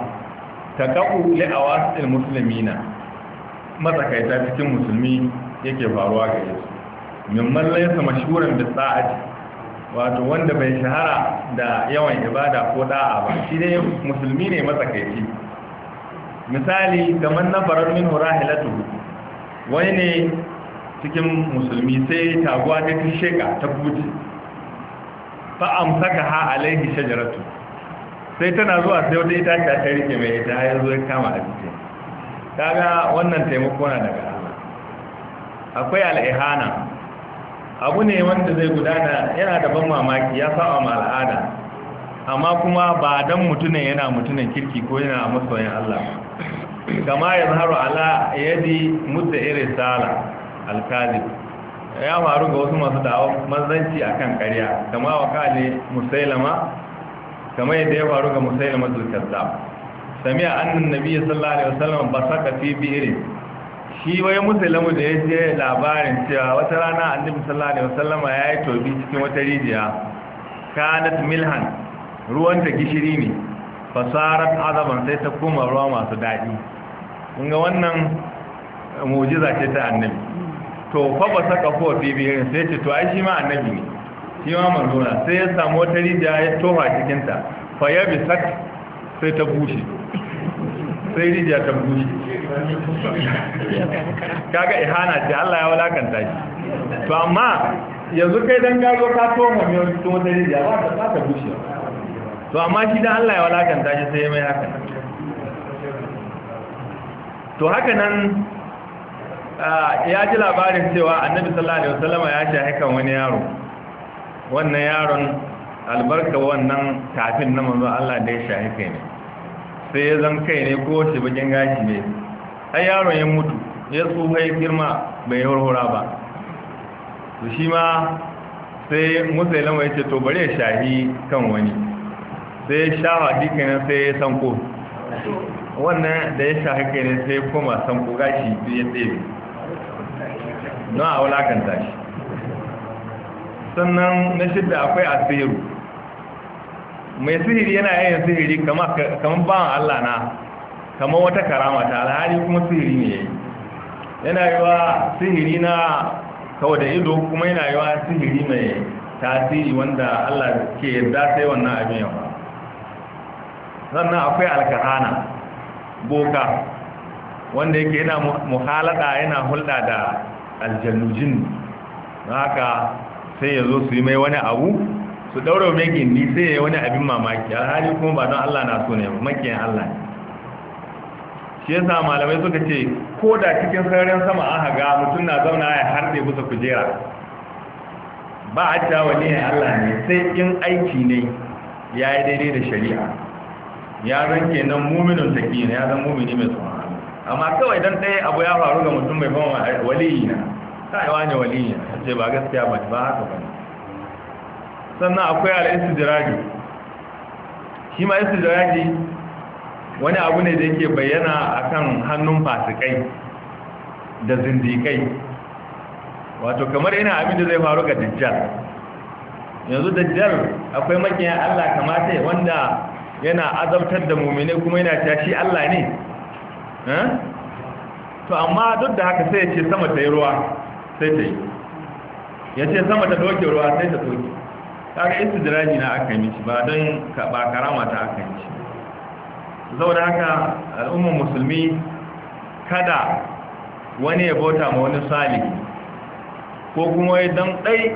taqu li awasil ilmusulmina. matsakaita cikin musulmi yake faruwa ga yesu mimman laisa mashhuran bi sa'ati wato wanda bai shahara da yawan ibada ko da'a ba shi ne musulmi ne matsakaici misali kamar na farar min rahilatu wai ne cikin musulmi sai taguwa ta sheka ta buce fa amsaka ha alaihi shajaratu sai tana zuwa sai wata ita ta rike mai ita ya zo ya kama a jiki kaga wannan taimako na daga Allah akwai al'ihana abu ne wanda zai gudana yana da ban mamaki ya sa ma al'ada amma kuma ba dan mutumin yana mutumin kirki ko yana masoyin Allah kama ya zaharu ala yadi mudda irin sala alkazib ya faru ga wasu masu da'awa a akan karya kama wa kale musailama kama yadda ya faru ga musailama zulkazzab sami a annan nabi sallallahu alaihi wasallam ba saka fi bi'irin shi wai musulmi da ya je labarin cewa wata rana annabi sallallahu alaihi wasallam ya yi tobi cikin wata rijiya kanat milhan ruwan ta gishiri ne fasarat azaban sai ta koma ruwa masu daɗi kun ga wannan mu'jiza ce ta annabi to fa ba saka ko fi bihirin sai ce to ai shi ma annabi ne shi ma manzo sai ya samu wata rijiya ya tofa cikin ta fa ya bisak sai ta bushe sai rijiya ta bushe kaga ihana ce Allah ya walakanta shi to amma yanzu kai dan gago ka mu mai to wata rijiya ba ta ta bushe to amma shi dan Allah ya walakanta shi sai mai haka to haka nan ya ji labarin cewa annabi sallallahu alaihi wasallama ya ce haka wani yaro wannan yaron albarka wannan kafin na manzo Allah da ya shahi kai ne sai ya zan kai ne ko shi bakin gashi ne ai yaron ya mutu ya tsohai girma bai horhora ba to shi ma sai musa ya ya ce to bare shahi kan wani sai ya shawa dukkanin sai ya sanko wannan da ya shahi kai ne sai koma sanko gashi ya tsebe na a wulakanta shi sannan na shidda akwai asiru mai sihiri yana yin sihiri kamar bawan Allah na kamar wata karama ta alhari kuma sihiri ne yana yi wa sihiri na kawai da ido kuma yana yi wa sihiri mai tasiri wanda Allah ke yadda sai wannan abin yawa sannan akwai alkahana boka wanda yake yana muhalada yana hulɗa da aljannujin haka sai ya zo su yi mai wani abu su ɗaura mai gindi sai ya yi wani abin mamaki hali kuma ba don Allah na so ne makiyan Allah ne shi yasa malamai suka ce ko da cikin sararin sama an haga mutum na zauna ya harbe bisa kujera ba a wani ya Allah ne sai in aiki ne ya yi daidai da shari'a ya zan nan muminin taƙi ne ya zan mumini mai tsoron amma kawai don ɗaya abu ya faru ga mutum mai fama waliyi na ta yi wani waliyi na ce ba gaskiya ba ba haka ba ne sannan akwai al'istidraji shi ma istidraji wani abu ne da yake bayyana akan hannun fasikai da zindikai wato kamar yana abin da zai faru ga dajjal yanzu dajjal akwai makiyar Allah kamata wanda yana azabtar da mummune kuma yana tashi shi Allah ne eh? to amma duk da haka sai ya ce sama ta yi ruwa sai ta yi ya ce sama ta doke ruwa sai ta doke kaga istidraji na aka yi ba don ba karama ta aka yi Zau saboda haka al'ummar musulmi kada wani ya bauta ma wani salih ko kuma ya dan dai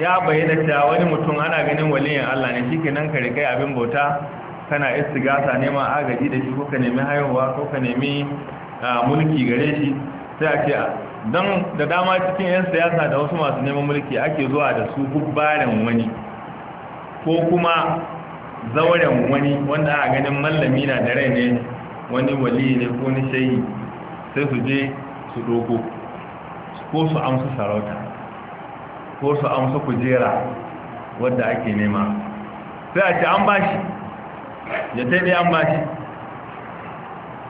ya bayyana cewa wani mutum ana ganin waliyin Allah ne nan ka kai abin bauta kana istigasa neman agaji da shi ko ka nemi haihuwa ko ka nemi ah, mulki gare shi sai a ce don da dama cikin 'yan siyasa da wasu masu neman mulki ake zuwa da su gubbaren wani ko kuma zauren wani wanda a ganin mallami na da rai ne wani wali ne ko ni shayi sai su je su doko ko su amsa sarauta ko su amsa kujera wadda ake nema sai a ce an bashi ya taɗe an bashi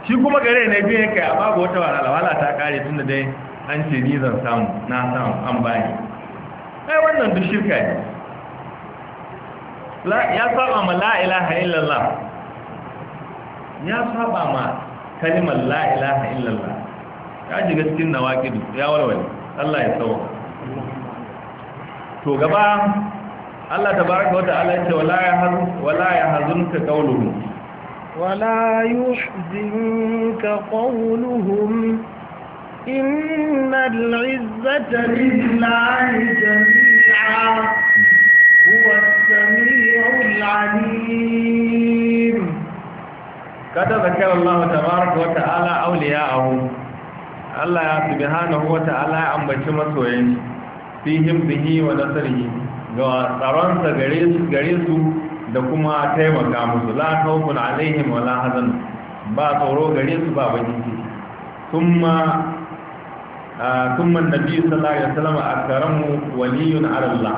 shi kuma gare ne biyan kai a babu wata wahala ta kare tun da dai an ce ni zan samu na samu an bani ai wannan duk shirka ne ya saba ma la ilaha illallah ya saba ma kalimar la ilaha illallah ya shiga cikin nawaqidu ya walwale Allah ya tsawo to gaba Allah tabaraka wa ta'ala ya ce wala ya hazu wala ya hazunka qawluhum wala yuhzinka qawluhum إن العزة لله جميعا هو السميع العليم قد ذكر الله تبارك وتعالى أولياءه Allah subhanahu wa ala ya ambaci masoyan fi himzihi wa nasarihi ga tsaronsa gare su da kuma taimaka musu la khawfun alaihim wa hazan ba tsoro gare su ba bakin ciki ma. ثم النبي صلى الله عليه وسلم أكرم ولي على الله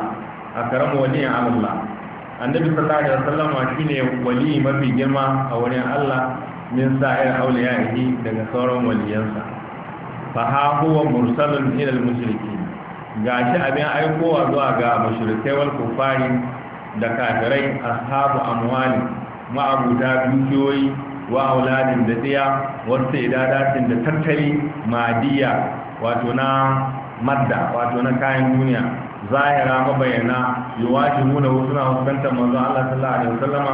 أكرم ولي على الله النبي صلى الله عليه وسلم شيني ولي ما في جمع أولي الله من سائر أوليائه daga sauran waliyansa fa huwa mursalun ila al gashi abin aikowa zuwa ga mushrikai wal kufari da kafirai ashabu a ma'abuta dukiyoyi wa auladin da tsiya wasu ida-datin da tattali madiya wato na madda wato na kayan duniya zahira bayyana yuwaji nuna suna fuskantar manzo Allah sallallahu alaihi wasallam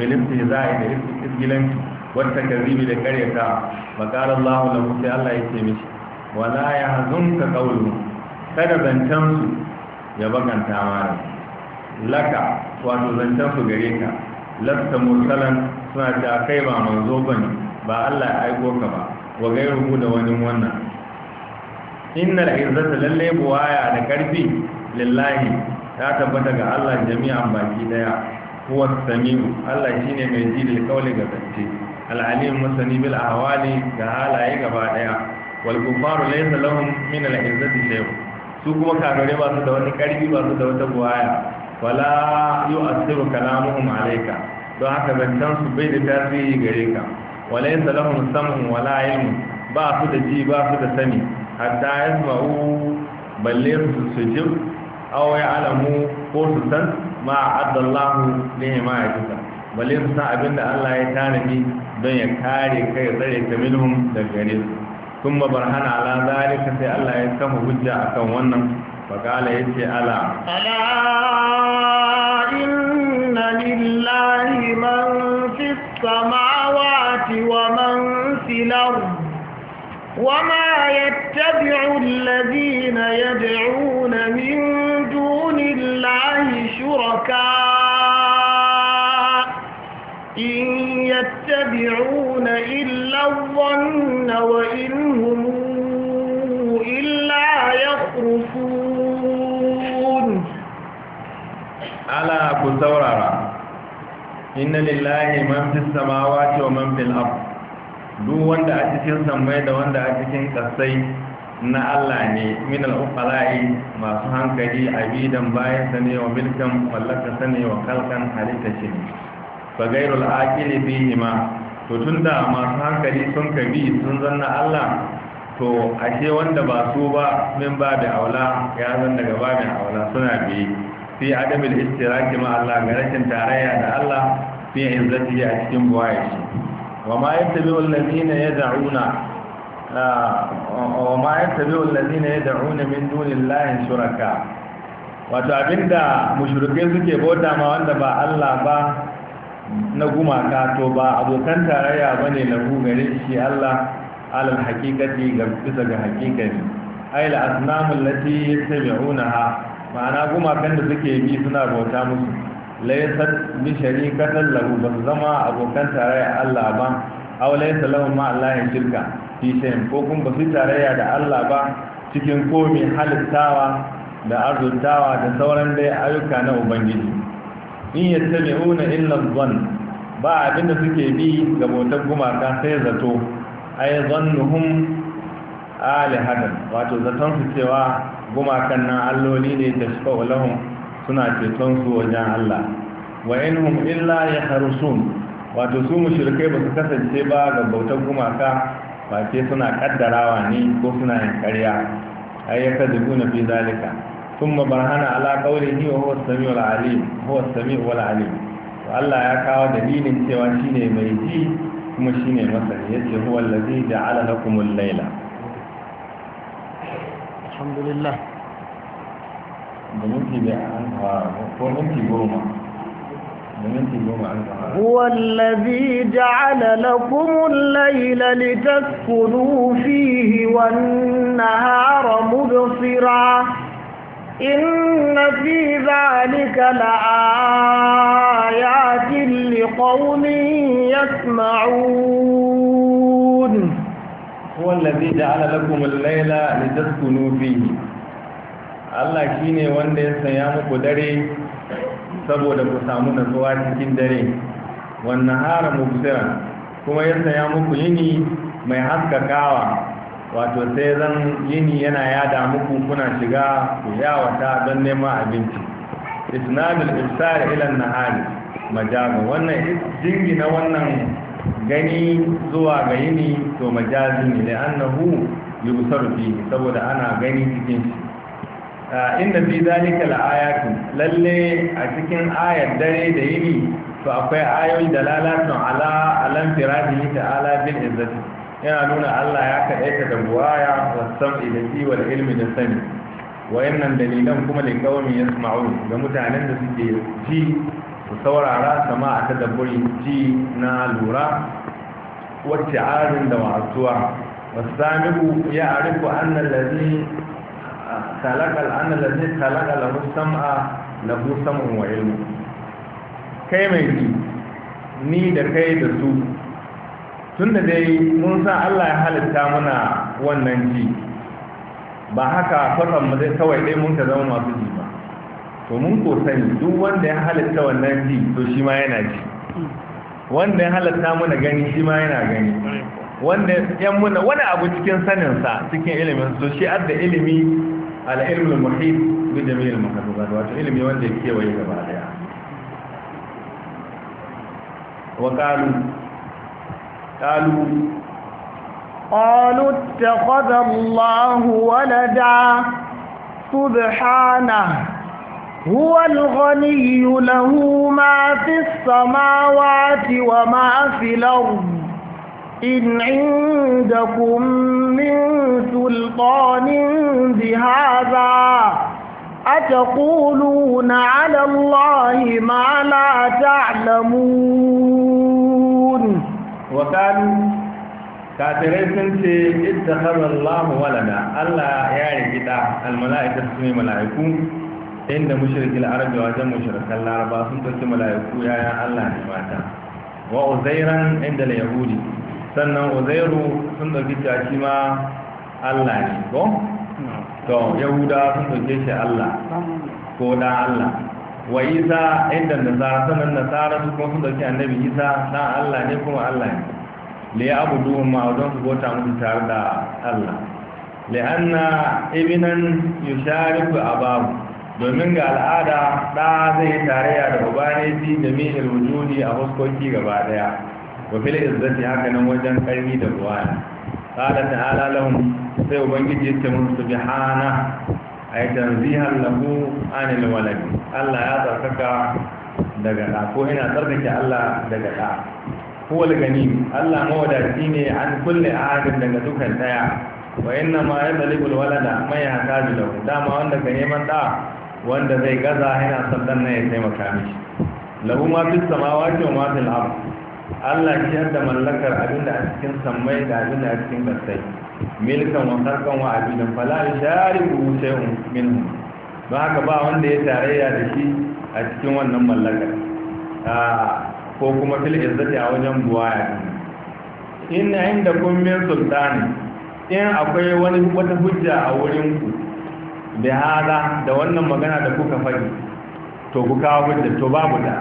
bil istihza'i da isgilanci wata kazibi da karyata bakar Allah lahu sai Allah ya ce mishi wala yahzunka qawluhu kada zantan su ya baganta mara laka wato zantan su gare ka lasta mursalan suna ta kai ba manzo bane ba Allah ya aiko ka ba wa gairu da wani wannan Inna al izzata lalle buwaya da karfi lillahi ta tabbata ga Allah jami'an baki daya huwa samiu Allah shine mai ji da kauli ga zance al-alim masani bil ahwali ga halaye gaba daya wal kufaru laysa lahum min al-izzati shay'un su kuma kafare ba su da wani karfi ba su da wata buwaya wala yu'athiru kalamuhum alayka don haka zancen su bai da tasiri gare ka wala yasa lahum sam'un wala ilmun ba su da ji ba su da sani hatta yasma'u balle su jib aw ya'lamu ko su san ma adallahu lihi ma balle su san abinda Allah ya tanadi don ya kare kai tsare ta minhum daga gare kuma barhana ala zalika sai Allah ya kama hujja akan wannan فقال يتي ألا ألا إن لله من في السماوات ومن في الأرض يتبع الذين يدعون من دون الله شركاء إن يتبعون إلا الظن وإن هم إلا يخرفون ألا كثورا إن لله من في السماوات ومن في الأرض duk wanda a cikin sammai da wanda a cikin kasai na Allah ne min al-uqala'i masu hankali abidan bayan sani wa milkan mallaka sani wa kalkan halitta shi fa gairul aqili fihi ma to tunda masu hankali sun bi sun zanna Allah to ashe wanda ba su ba min babu aula ya zan daga babin aula suna bi fi adamil ki ma Allah ga rashin tarayya da Allah fi izzati a cikin buwaye shi wa ma ya allazina yad'una wa ma yattabi'u da yad'una min dunillahi shuraka wato abinda mushrikai suke bauta ma wanda ba Allah ba na gumaka to ba abokan tarayya ne na gare shi Allah alal hakikati ga bisa ga haqiqani ay la asnamu allati yattabi'unaha ma'ana gumakan da suke bi suna bauta musu laysat bi sharikatan lahu ba zama abokan tarayya Allah ba aw laysa lahum ma shirka fi shayin ko kun ba su tarayya da Allah ba cikin komi halittawa da arzuntawa da sauran dai ayyuka na ubangiji in yattabi'una illa dhann ba abinda suke bi ga bautar gumaka sai zato ay zannuhum alihatan wato zaton su cewa gumakan nan alloli ne da shafa'u lahum suna ceton su wajen Allah wa inhum illa yakhrusun wato su mushrikai ba su kasance ba ga bautar gumaka face suna kaddarawa ne ko suna yin karya ai ya kadubu na fi zalika ثم برهن على قوله وهو السميع العليم هو السميع to Allah ya kawo dalilin cewa shine mai ji kuma shine masani yace huwa allazi ja'ala lakumul laila alhamdulillah da minti da an fara ko minti goma هو الذي جعل لكم الليل لتسكنوا فيه والنهار مبصرا إن في ذلك لآيات لقوم يسمعون هو الذي جعل لكم الليل لتسكنوا فيه الله كيني وندي سيامك دري saboda ku samu nasuwa cikin dare wannan hara mubsira kuma ya saya muku yini mai haskakawa wato sai zan yini yana yada muku kuna shiga ku yawata don neman abinci isnadul ibsar ila nahari majazi wannan jingina wannan gani zuwa ga yini to majazi ne annahu yubsaru fi saboda ana gani cikin shi inda fi zalika la'ayatu lalle a cikin ayar dare da yini to akwai ayoyi da lalatun ala alam firadihi ta'ala bil izzati yana nuna Allah ya kadaita da buwaya wasam ilmi wal ilmi da sani wayannan dalilan kuma da kawami yasma'un. ga mutanen da suke ji su saurara sama a tadabburi ji na lura wacce arin da wasuwa wasu ya arifu annan lalzi خلق الآن الذي خلق له السمع له سمع وعلم kai mai ji ni da kai da su tun da dai mun sa Allah ya halitta muna wannan ji ba haka kwasan mu zai kawai dai mun ka zama masu ji ba to mun ko sani duk wanda ya halitta wannan ji to shi ma yana ji wanda ya halitta muna gani shi ma yana gani wanda yan muna wani abu cikin saninsa cikin ilimin to shi adda ilimi على علم المحيط بجميع المحافظات وعلم يوان ذكي ويجا بعدها وقالوا قالوا قالوا اتخذ الله ولدا سبحانه هو الغني له ما في السماوات وما في الأرض إن عندكم من سلطان بهذا أتقولون على الله ما لا تعلمون وقالوا كاترين سنتي اتخذ الله ولدا الله يعني كده الملائكة سمي ملائكون inda mushrikin arabi wajen mushrikan laraba sun ɗauki mala'iku yayan allah ne mata wa uzairan inda yahudi sannan uzairu sun dauki cewa shi ma Allah ne ko to yahuda sun dauke shi Allah ko da Allah wa isa inda nasara sannan nasara su kuma sun dauki annabi isa na Allah ne kuma Allah ne Le abu duhu ma don su bota musu tare da Allah Le an na li anna ku a babu. domin ga al'ada ɗa zai tarayya da ubane da jami'il wujudi a huskoki gaba daya wa fil izzati haka nan wajen karmi da ruwa ruwaya qala ta'ala lahum sai ubangiji ya ce musu subhana ay tanzihan lahu anil walad Allah ya tsarkaka daga da ko ina tsarkake Allah daga da huwal gani Allah mawadaci ne an kulle ahadin daga dukan daya wa inna ma ya talibul walada mai haka da dama wanda ka neman da wanda zai gaza yana sandan na ya taimaka mishi lahu ma fi samawati wa ma fil ardh Allah shi da mallakar abin da a cikin sammai da abin da a cikin basai milkan wa harkan wa abin da fala shari ku shay'un minhu ba haka ba wanda ya tarayya da shi a cikin wannan mallakar ah, ko kuma fil izzati a wajen buwaya in inda kun min sultani in akwai wani wata hujja a wurin ku da hada da wannan magana da kuka faɗi to ku kawo hujja to babu da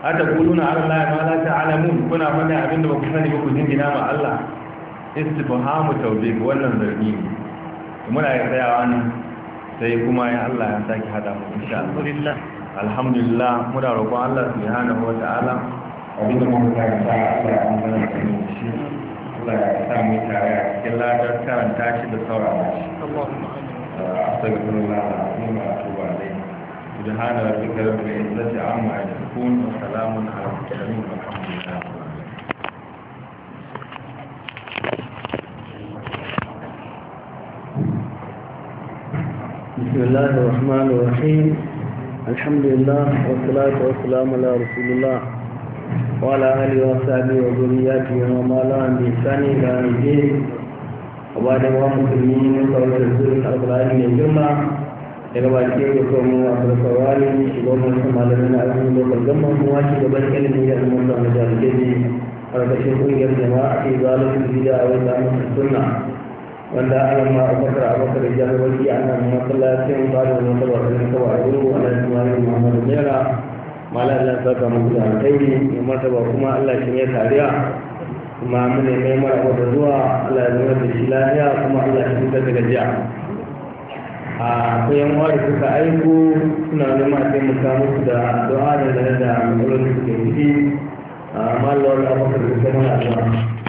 hata kuluna ala Allah ma la ta'lamun kuna faɗa abinda ba ku sani ba ku jingina ma Allah istifhamu tawbih wannan zargi muna ya tsayawa ne sai kuma ya Allah ya saki hada mu insha Allah alhamdulillah muna roƙon Allah subhanahu wa ta'ala abinda mu ka ta Allah an san shi Allah ya sa mu tare a cikin ladar karanta shi da saurara shi Allahumma amin astaghfirullah wa atubu ilayhi سبحان ربك رب العزة عما يصفون وسلام على المرسلين والحمد لله بسم الله الرحمن الرحيم الحمد لله والصلاة والسلام على رسول الله وعلى آله وصحبه وذرياته وما لهم بإحسان إلى يوم الدين وبعد ما مسلمين قول رسول الله القرآن الجمعة daga baki ya kuma mu a farkawari shugaban wasu malamai na da lokal gama kuma shugaban ilimin da al'ummar da majalike ne karkashin kungiyar jama'a ke zalunci gida a wata amsa sunna wanda ana ma abubakar abubakar jami'ai a nan masallacin ba da wata da kawai a wuri wanda su ma muhammadu naira malar Allah ya saka mu da alkhairi ya martaba kuma Allah shi ne kariya kuma mu ne mai mara da zuwa Allah ya zama da shi lafiya kuma Allah shi ne da gajiya akwai yan uwa da suka aiko suna nema taimaka musu da addu'a da da matsalolin da ke ciki mallar abokan da suka mana addu'a